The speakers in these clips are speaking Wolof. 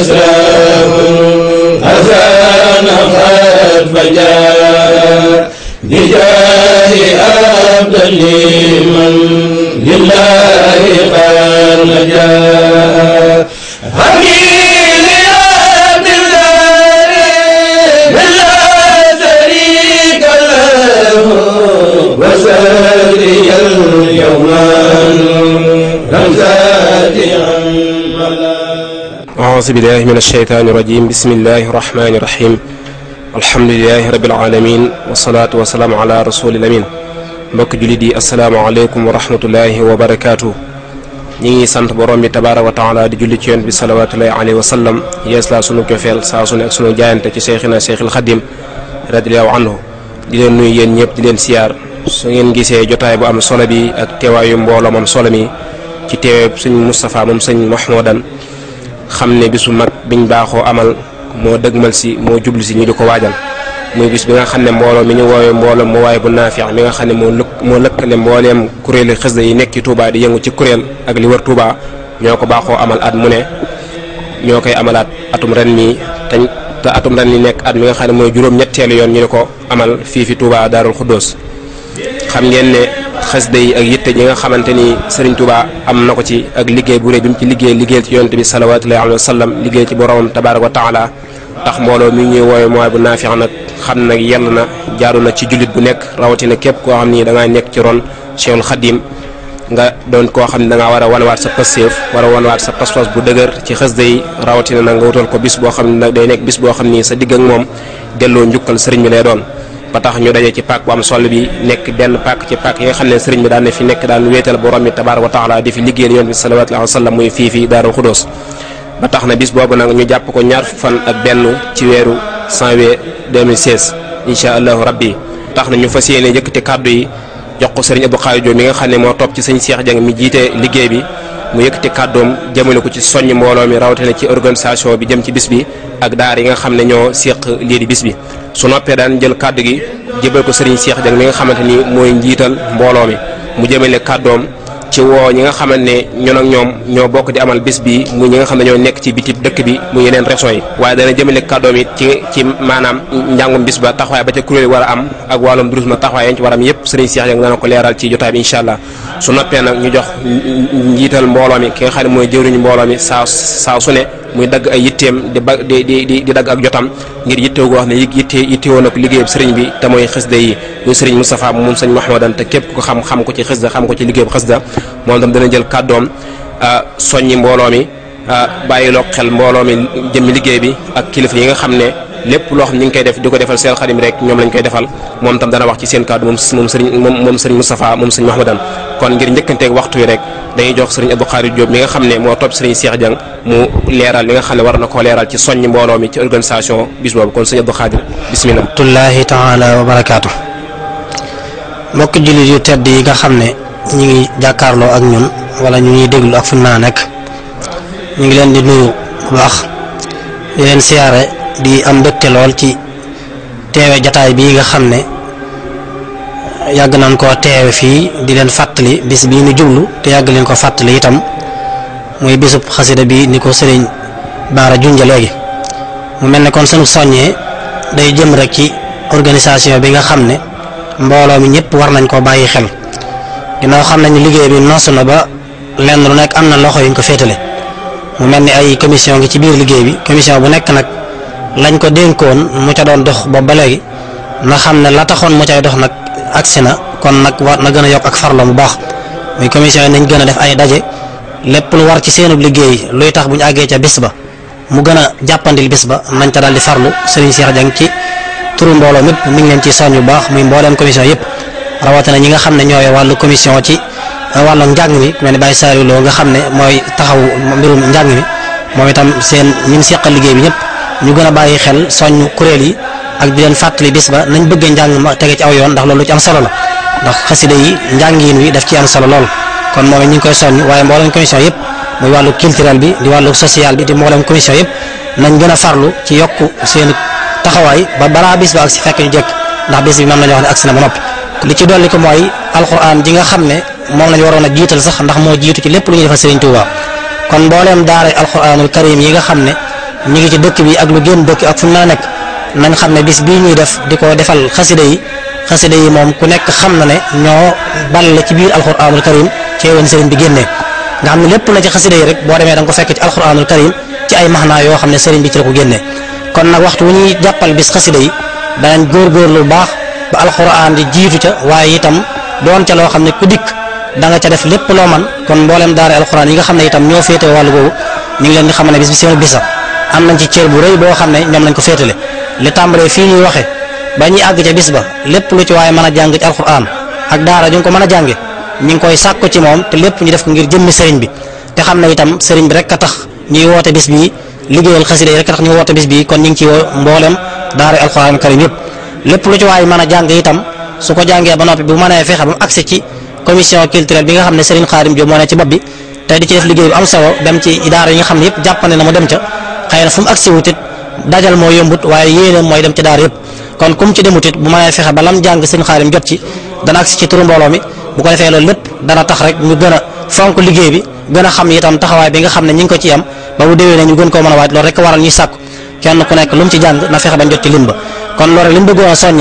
أزرق أذان قد فجاء بجاه عبد لمن لله قد نجا له اليوم رمزان أعوذ بالله من الشيطان الرجيم بسم الله الرحمن الرحيم الحمد لله رب العالمين والصلاة والسلام على رسول الأمين بك جلدي السلام عليكم ورحمة الله وبركاته ني سانت بروم تبارك وتعالى دي جولي تيون بي الله عليه وسلم يسلا سونو كفيل سا سونو اك سونو جانت تي شيخنا شيخ الخديم عنه دي لن نوي يين نييب دي لن سيار سو نين غيسه جوتاي ام صلو بي مبولم ام صلو مي تي تيوي مصطفى موم سيني xam ne bisu mag biñ baaxoo amal moo dëgmal si moo jublu si ñu di ko waajal muy bis bi nga xam ne mbooloo mi ñu woowee mbooloo mu waaye bu naafeex mi nga xam ne moo lëkk moo lëkkale mbooleem kuréeli xasida yi nekk ci Touba di yëngu ci kuréel ak li war Touba ñoo ko baaxoo amal at mu ne ñoo koy amalaat atum ren mii tañ te atum ren mi nekk at mi nga xam ne mooy juróom-ñetteelu yoon ñu di ko amal fii fi tuubaa Daarul Xuddoos xam ngeen ne xasida yi ak yitte ji nga xamante ni Serigne Touba am na ko ci ak liggéey bu rëy bi mu ci liggéey liggéeyal ci yonent bi salawaatullahi alayhi wa sallam liggéey ci boromam tabaaraka wa taala tax mbooloo mi ñuy woowee mooy bu naafeex nag xam nag yell na jaaru na ci jullit bu nekk rawatina képp koo xam ni da ngaa nekk ci ron Cheikhul Khadim nga doon koo xam ne da ngaa war sa pastéef war a wanwaat sa pas bu dëgër ci xasida yi rawatina nag nga wutal ko bis boo xam ne nag day nekk bis boo xam ni sa digg ak moom delloo njukkal sëriñ bi lay doon ba tax ñu daje ci pàkk bu am solo bi nekk benn pàkk ci pàkk yi nga xam ne sëriñ bi daan ne fi nekk daan wéetal borom bi tabaaraka wa taala di fi liggéeyal yoon bi sallallahu alayhi wa sallam muy fii fii Daaru ba tax na bis boobu nag ñu jàpp ko ñaar fan ak benn ci weeru janvier 2016 incha allahu rabbi tax na ñu fas yéene yëkkati kàddu yi jox ko sëriñ Abdou Khadre Diop mi nga xam ne moo topp ci sëñ Cheikh Dieng mi jiite liggéey bi mu yëkkati kàddoom jëmale ko ci soññ mbooloo mi rawatina ci organisation bi jëm ci bis ak daar yi nga xam ne ñoo séq lii di su noppee daan jël kàddu gi jébal ko sëriñ Cheikh Dieng mi nga xamante ni mooy njiital mbooloo mi mu jëmale kàddoom ci woo ñi nga xamante ne ñun ak ñoom ñoo bokk di amal bis bi muy ñi nga xam ne ñoo nekk ci biti dëkk bi mu yeneen région yi waaye dana jëmale kàddoom it ci ci maanaam bis ba taxawaay ba ca kuréel yi war a am ak wàllum durus ma taxawaay yañ ci war a am yëpp sëriñ Cheikh Dieng dana ko leeral ci jotaay bi incha allah su noppee nag ñu jox njiital mbooloo mi ki nga xam ne mooy jëwriñu mbooloo mi saa saa su ne muy dagg ay yitteem di ba di dagg ak jotam ngir yittewoo wax ne yitte yittewoo nag liggéeyam sëriñ bi te mooy xasida yi muy sëriñ Moustapha moom sëñ Mahmadan te képp ko xam xam ko ci xësda xam ko ci liggéey xësda moom tam dana jël kàddoom soññi mbooloo mi bàyyiloo xel mbooloo mi jëmmi liggéey bi ak kilifa yi nga xam lépp loo xam ñu ngi koy def di defal seen xarim rek ñoom lañ koy defal moom tam dana wax ci seen kàddu moom moom sëriñ moom moom sëriñ Moustapha moom kon ngir njëkkanteeg waxtu rek dañuy jox sëriñ Abdou Khadir Diop mi nga xam ne moo topp Cheikh Dieng mu leeral li nga xam war na koo leeral ci soññ mbooloo mi ci organisation bis boobu kon sëriñ Abdou Khadir bismillah tullahi taala wa barakaatu mbokk jullit yu tedd yi nga xam ne ñu ngi jàkkaarloo ak ñun wala ñu ngi déglu ak fu naa nekk ñu ngi leen di nuyu bu baax di leen siyaare di am mbégte lool ci teewe jataay bii nga xam ne yàgg nañ koo teewe fii di leen fàttali bis bi nu jublu te yàgg leen ko fàttali itam muy bisub xasida bi ni ko sëriñ Baara junja léegi mu mel ne kon sunu soññee day jëm rek ci organisation bi nga xam ne mbolo mi ñepp war nañ ko bayyi xel ginnaaw xam nañ liggéey bi noosu na ba lenn lu nekk am na loxo yuñ ko fétalé mu melni ay commission ngi ci biir liggéey bi commission bu nekk nag lañ ko dénkoon mu ca doon dox ba léegi na xam ne la taxoon mu cay dox nag agsi na kon nag war na gën a yokk ak farlo mu baax muy commission yi nañ gën a def ay daje lépp lu war ci seenu liggéey luy tax buñ àggee ca bis ba mu gën a jàppandil bis ba nañ ca daal di farlu sëriñ Cheikh Dieng ci turu mbooloo mépp mi leen ci soññ bu baax muy mbooleem commission yëpp rawatina ñi nga xam ne ñooy wàllu commission ci euh, wàllu njàng mi mel ni Baye Saliou Lo nga xam ne mooy taxaw liggéey bi ñëpp ñu gën a bàyyi xel soññ kuréel yi ak di leen fàttali bis ba nañ bëgg njàng ma tege ci aw yoon ndax loolu ci am solo la ndax xasida yi njàngiin wi ci am solo lool kon moom ñu koy soññ waaye mbooleem commission yëpp muy wàllu culturel bi di wàllu social bi di mbooleem commission yëpp nañ gën a farlu ci yokk seen taxawaay ba balaa bis ba ak si fekk jekk ndax bis bi moom la ñu wax ne agsi na ba noppi li ci dolli ko mooy alquran ji nga xam ne moom la ñu waroon a jiital sax ndax moo jiitu ci lépp lu ñuy defal Serigne Touba kon mbooleem daaray alquranul karim yi nga xam ne ñu ngi ci dëkk bi ak lu génn dëkk ak fu naa nekk nañ xam ne bis bii ñuy def di ko defal xasida yi xasida yi moom ku nekk xam na ne ñoo balle ci biir alquranul karim ci woon Serigne bi génnee nga xam ne lépp la ci xasida yi rek boo demee da nga ko fekk ci alquranul karim ci ay maxnaa yoo xam ne Serigne bi ci la ko génnee kon nak waxtu wu ñuy jàppal bis xasida yi gor lu baax ba alquran di jitu ca waye itam doon ca lo xamne ku dik da nga ca def lepp lo man kon mboolem daara alquran yi nga xamne itam ño fete walu googu ñu ngi leen di xamne ne bis bi seen bisa am nañ ci cër bu reuy bo xamne ñom lañ ko féetale li tàmbalee fi ñuy waxe ba ñi ag ca bis ba lepp lu ci waye mën jang ci alquran ak daara ñu ko mën jangé ñi ngi koy sakku ci mom te lepp ñu def ko ngir jëm serigne bi te xamne itam serigne bi rek ka tax ñi wote bis bi liggéeyal xasida yi rek tax ñu woote bis bi kon ñu ngi ci mboolem daara alxuraan karim yëpp lépp lu ci waay mën a jàng itam su ko jàngee ba noppi bu mënee fexe ba mu accès ci commission culturelle bi nga xam ne Serigne Khadim Diop moo ne ci bopp bi tey di ci def liggéey bu am solo dem ci daara yi nga xam ne yëpp jàppane na mu dem ca xëy na fu mu accès wutit dajal moo yombut waaye yéene mooy dem ci daara yëpp kon kum ci demutit bu mënee fexe ba lam jàng Serigne Khadim jot ci dana accès ci turu mbooloo mi bu ko defee loolu lépp dana tax rek ñu gën a fonk liggéey bi gën a xam itam taxawaay bi nga xam ne ñi ngi ko ci am ba bu déwee ne ñu gën koo mën a waaj loolu rek waral ñuy sàkku kenn ku nekk lu mu ci jàng na fexe bañ jot ci lim ba kon loolu rek li mu nga xam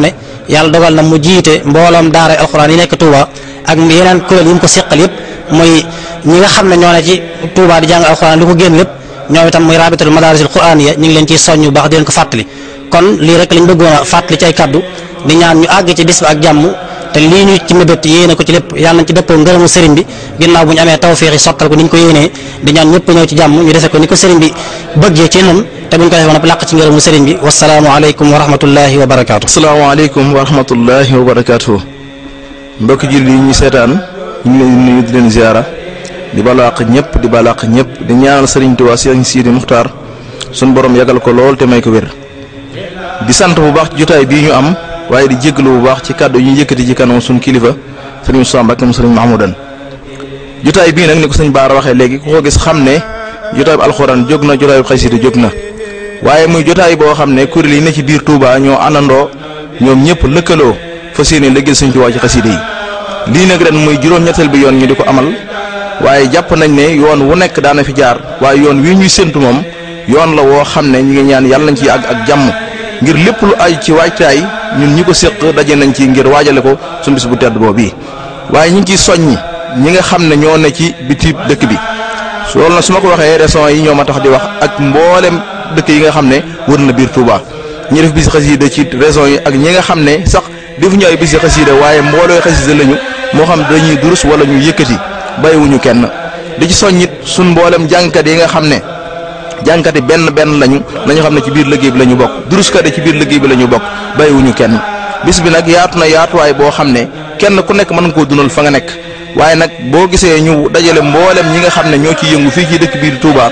ne yàlla dogal na mu jiite mbooloom daara alxuraan yi nekk Touba ak yeneen kuréel yi mu ko seqal nga xam ne ñoo ne ci Touba di jàng alxuraan lu ko génn lépp ñoom itam muy rabitul madarisil quraaniya ñu ngi leen ciy soññ bu baax di leen ko fàttali kon lii rek lañ bëggoon a fàttali ci ay kaddu di ñaan ñu àgg ci bis ak jàmm te lii ñu ci mébét yéene ko ci lépp yàlla nañ ci dëppoo ngërëmu sëriñ bi ginnaaw bu ñu amee tawféex yi ko ni ñu ko yéenee di ñaan ñëpp ñoo ci jàmm ñu defee ko ni ko sëriñ bi bëggee ci noonu te bu ñu ko defee nag làq ci ngërëmu sëriñ bi wasalaamaaleykum wa rahmatullahi wa barakaatu. wa rahmatullahi wa mbokk jullit yi ñu seetaan ñu ngi di nuyu di leen ziara di balaax ñëpp di balaax ñëpp di ñaanal sëriñ Tuubaa sëriñ Sidi Muxtaar suñu borom yàggal ko lool te may ko wér di sant bu baax jotaay bii ñu am waaye di jégalu bu baax ci kàddu yi ñu yëkkati ci kanam suñu kilifa sëriñ Moussa Mbacke mu sëriñ Mahmoudan jotaay bii nag ni ko sëñ Baara waxee léegi ku ko gis xam ne jotaay bu alxuraan jóg na jotaay bu xasida jóg na waaye muy jotaay boo xam ne kuréel yi ne ci biir Touba ñoo àndandoo ñoom ñëpp lëkkaloo fas yéene liggéeyal sëñ Tuubaa ci xasida yi lii nag ren muy juróom-ñetteel bi yoon ñu di ko amal waaye jàpp nañ ne yoon wu nekk daana fi jaar waaye yoon wi ñuy séntu moom yoon la woo xam ne ñu ngi ñaan yàlla nañ ci àgg ak jàmm ngir lépp lu aju ci waajtaay ñun ñi ko séq daje nañ ci ngir waajale ko suñu bis bu tedd boobu waaye ñu ci ciy soññi ñi nga xam ne ñoo ne ci biti dëkk bi su loolu na su ma ko waxee raison yi ñoo ma tax di wax ak mboolem dëkk yi nga xam ne wër na biir Touba ñi def bis xasida ci raison yi ak ñi nga xam ne sax defuñu ay bis xasida waaye mbooloo xasida lañu moo xam dañuy durus wala ñu yëkkati bàyyiwuñu kenn di ci soññit suñ mbooleem jàngkat yi nga xam ne jànkate benn benn lañu nañu xam ne ci biir liggéey bi la ñu bokk duruskate ci biir liggéey bi la ñu bokk bàyyiwuñu kenn bis bi nag yaatu na yaatuwaay boo xam ne kenn ku nekk mën nga koo dunal fa nga nekk waaye nag boo gisee ñu dajale mboolem ñi nga xam ne ñoo ciy yëngu fii ci dëkk biir tuubaa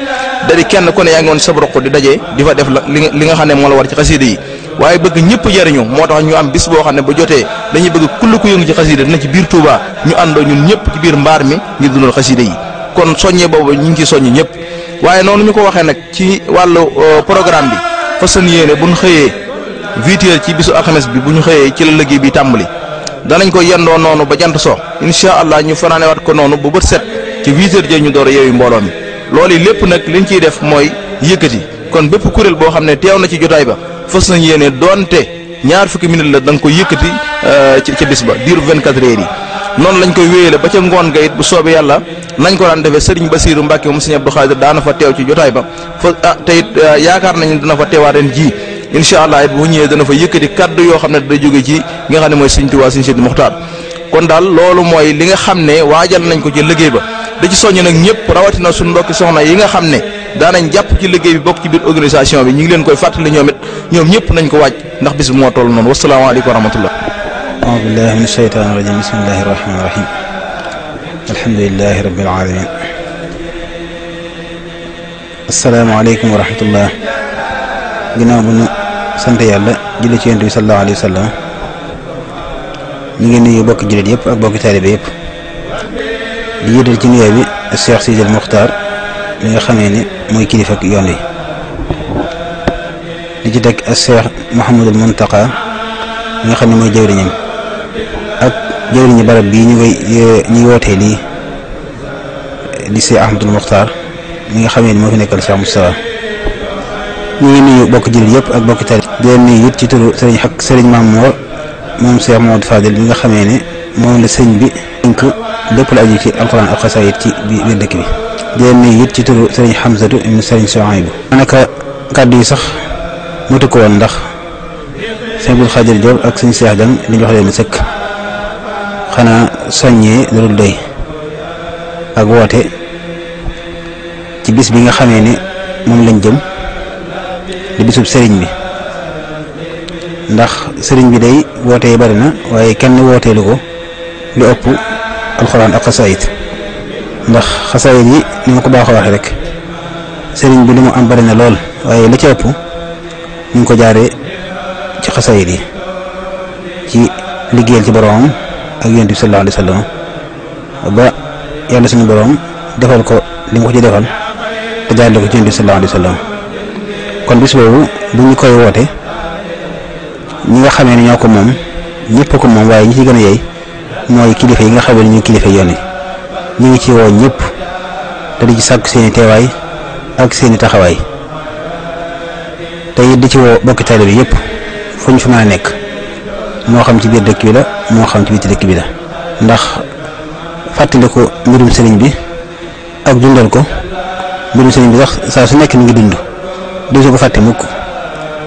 dari kenn ku ne yaa ngi woon sab roq di daje di fa def li nga xam ne moo la war ci xasida yi waaye bëgg ñëpp jariñu moo tax ñu am bis boo xam ne ba jotee dañuy bëgg kull ku yëngu ci xasida dina ci ñu àndoo ñun mbaar mi ngir dundal xasida yi kon soññe boobu ñu ngi ci soññ ñëpp waaye noonu ñu ko waxee nag ci wàllu euh, programme bi fasan yéene bu ñu xëyee huit ci bisu alxames bi bu ñu xëyee ci la liggéey bi tàmbali danañ ko yendoo noonu ba jant soo incha allah ñu fanaanewaat ko noonu ba bët set ci huit heures ñu door a yeewi mbooloo mi loolu lépp nag liñ ciy def mooy yëkkati kon bépp kuréel boo xam ne teew na ci jotaay ba fas nañ yéene doonte ñaar fukki minute la da nga ko yëkkati euh, ci bis ba diiru 24 heures yi. noonu lañ koy wéyale ba ca ngoon ga it bu soobee yàlla nañ ko daan defee Serigne Bassirou Mbacke moom Serigne Abdou Khadir daana fa teew ci jotaay ba fa ah te ah, yaakaar nañ dina fa teewaat ren ji incha allah it bu ñëwee dana fa yëkkati kaddu yoo xam ne dana jóge ci nga xam ne mooy Serigne Touba Serigne Sidi Mokhtar kon daal loolu mooy li xam ne waajal nañ ko ci liggéey ba da ci soññ nag ñëpp rawatina suñu mbokki soxna yi nga xam ne daanañ jàpp ci liggéey bi bokk ci biir organisation bi ñu ngi leen koy fàttali ñoom it ñoom ñëpp nañ ko waaj ndax bis moo toll noonu wasalaamaaleykum wa rahmatullah أعوذ بالله من الشيطان الرجيم بسم الله الرحمن الرحيم الحمد لله رب العالمين السلام عليكم ورحمة الله جناب سنت يالله جلت ينتبه صلى الله عليه وسلم نيجي نيجي بوك جلد يب بوك تاريب يب ليجي الجنية بي السياق سيد المختار من الخميني موي كيف يوني ليجي دك السياق محمد المنتقى من الخميني موي جوري نيجي jëwriñu barab bii ñu koy ñuy wootee lii di si Ahmadul Muxtaar mi nga xamee ni moo fi nekkal Cheikh Moustapha ñu ngi nuyu bokk jullit yëpp ak bokk tari di leen nuyu it ci turu sëriñ xak sëriñ Maam Moor moom Cheikh Mamadou Fadel mi nga xamee ne moom la sëñ bi dénk lépp la aju ci alxuraan ak xasaayid ci biir dëkk bi di leen nuyu it ci turu sëriñ Xamsatu ibnu sëriñ Sohaybu daanaka kàddu yi sax motu ko woon ndax sëñ Abdul Xaadir Jóob ak sëñ Seex Jang li ñu wax leen sëkk xanaa soññee dul doy ak woote ci bis bi nga xamee ni moom lañ jëm di bisub sëriñ bi ndax sëriñ bi day woote yi bari na waaye kenn wooteelu ko lu ëpp alxuraan ak xasaayit ndax xasaayit yi ni ma ko baax waxe rek sëriñ bi li mu am bari na lool waaye la ca ëpp ñu ko jaaree ci xasaayit yi ci liggéeyal ci boromam ak yonent bi sallallahu alayhi wa sallam ba yàlla suñu borom defal ko li mu ko ci defal te jaarale ko ci yonent bi sallallahu alayhi wa sallam kon bis boobu bu ñu koy woote ñi nga xamee ni ñoo ko moom ñëpp ko moom waaye ñi ci gën a yey mooy kilifa yi nga xamee ne ñu kilifa yoon yi ñu ngi ci woo ñëpp te di ci sàkk seeni teewaay ak seeni taxawaay te it di ci woo bokki taalibe bi yëpp fu ñu fi nekk moo xam ci biir dëkk bi la moo xam ci biti dëkk bi la ndax fàttali ko mbirum sëriñ bi ak dundal ko mbirum sëriñ bi sax saa su nekk mi ngi dund du su ko fàtte mukk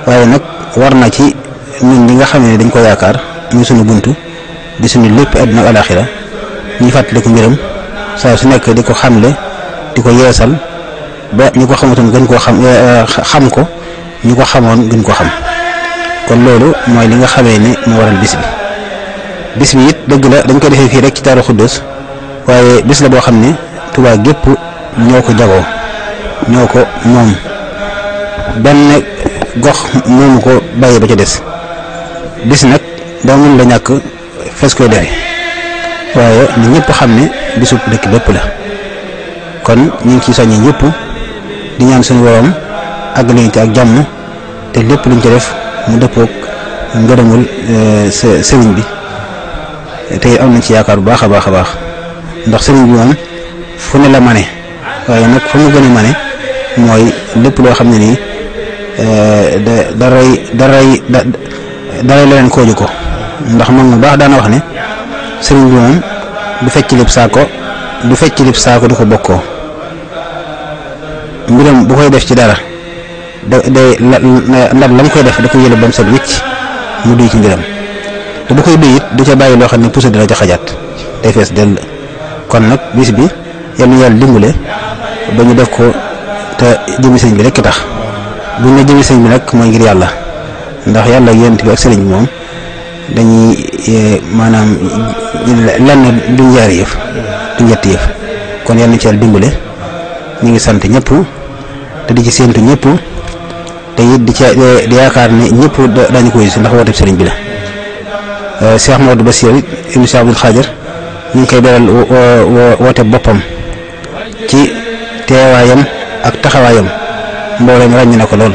waaye nag war na ci ñun li nga xam ne dañ ko yaakaar muy suñu bunt di suñu lépp àdduna ak alaaxira ñuy fàttali mbiram saa su nekk di ko xamle di ko yeesal ba ñu ko xamatoon gën ko xam xam ko ñu ko xamoon gën ko xam kon loolu mooy li nga xamee ni moo waral bis bi bis bi it dëgg la dañ ko defee fii rek ci Daaru Xuddus waaye bis la boo xam ne Tuubaa gépp ñoo ko jagoo ñoo ko moom benn gox moomu ko bàyyi ba ca des bis nag daa mën la ñàkk fees koy defe waaye ni ñëpp xam ne bisub dëkk bépp la ñu ngi ciy soññi ñëpp di ñaan suñu borom ci ak jàmm te lépp luñ ci def mu dëppook ngërëmul eh, sëriñ bi tey am na ci yaakaar bu baax a baax a baax ndax sëriñ bi moom fu ne la mane waaye nag fu mu gën a mane mooy lépp loo xam ne nii eh, da daray daray da daray leneen kooju ko ndax man mu baax daan wax ne sëriñ bi moom du fecc lib saako du fecc lib saako du ko bokkoo mbiram bu koy def ci dara da day la ndab la mu koy def da ko yële ba mu set wicc mu duy ci mbiram te bu koy béy it du ca bàyyi loo xam ne puso dina ca xajaat day dell kon nag bis bi yal na yàlla dimbale ba ñu def ko te jëmi sëñ bi rekk tax bu ne jëmmi sëñ bi nag mooy ngir yàlla ndax yàlla ak yonent bi ak sëriñ bi moom dañu eh, maanaam lenn du ñaari yëf du kon yal na ci yàlla dimbale ñu ngi sant ñëpp te di ci séentu ñëpp te it di ca eh, di yaakaar ne ñëpp dañu ko si ndax woote sëriñ bi la. Cheikh Modou Bassir ibn Cheikh Abdoul Khadir ñu ngi koy beral woote boppam ci teewaayam ak taxawaayam mboolem ràññ na ko lool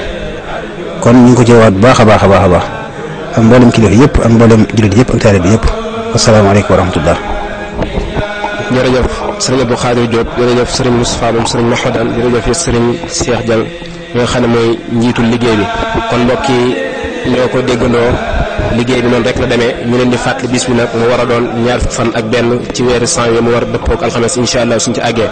kon ñu ngi ko ci waat bu baax a baax a baax a baax ak mboolem kilifa yëpp ak mboolem jullit yëpp ak taalibe yëpp asalaamaaleykum wa rahmatullah jërëjëf sëriñ Abdou Khadir Diop jërëjëf sëriñ Moustapha moom sëriñ Mahmoudane jërëjëf sëriñ Cheikh Dial mi nga xam ne mooy njiitu liggéey bi kon mbokk yi ñoo ko déggandoo liggéey bi noonu rek la demee ñu leen di fàttali bis bi nag mu war a doon ñaar fan ak benn ci weeru janvier mu war a dëppook alxames incha allah suñ ci àggee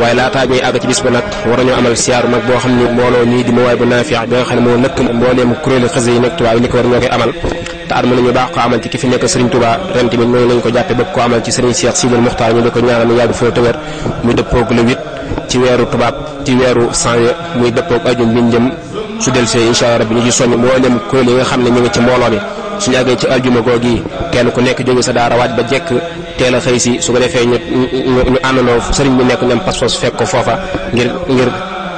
waaye laataa ñuy àgg ci bis ba nag war nañoo amal siyaaru nag boo xam ni mbooloo ñuy di mawaay bu naafiya bi nga xam ne moo lëkk mbooleem kuréelu xëse yi nekk Tuubaa yi li ko war ñoo koy amal te at mu ne baax ko amal ci ki fi nekk Serigne Touba ren tamit noonu lañ ko ko amal su del see incha allah rabbi ñu ngi soññ mboolem kuréel yi nga xam ne ñu ngi ci mbooloo mi suñu àggee ci aljuma yi kenn ku nekk jóge sa daara waaj ba jekk teel a xëy si su ko defee ñu ñu àndandoo sëriñ bi nekk ñoom pas-pas fekk ko foofa ngir ngir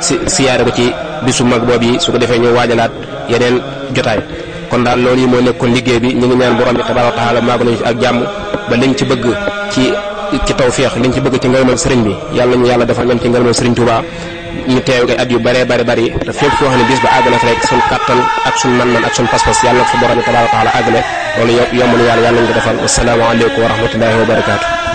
si siyaare ko ci bisu mag boobu yi su ko defee ñu waajalaat yeneen jotaay kon daal loolu yi moo nekkoon liggéey bi ñu ngi ñaan borom bi tabaaraka taala maago nañu ak jàmm ba liñ ci bëgg ci ci feex liñ ci bëgg ci nga ngërëmal sëriñ bi yàlla ñu yàlla defal ñoom ci nga sëriñ Tuubaa ñu teew koy at yu bare bare bari te fépp foo xam ne bis ba àgg na fa rek suñ kattan ak suñ man-man ak suñ pas-pas yàlla na fa borom tabaaraka taala àgg na loolu yomb na yàlla yàlla nañ ko defal wasalaamaaleykum wa rahmatullahi wa barakaatu.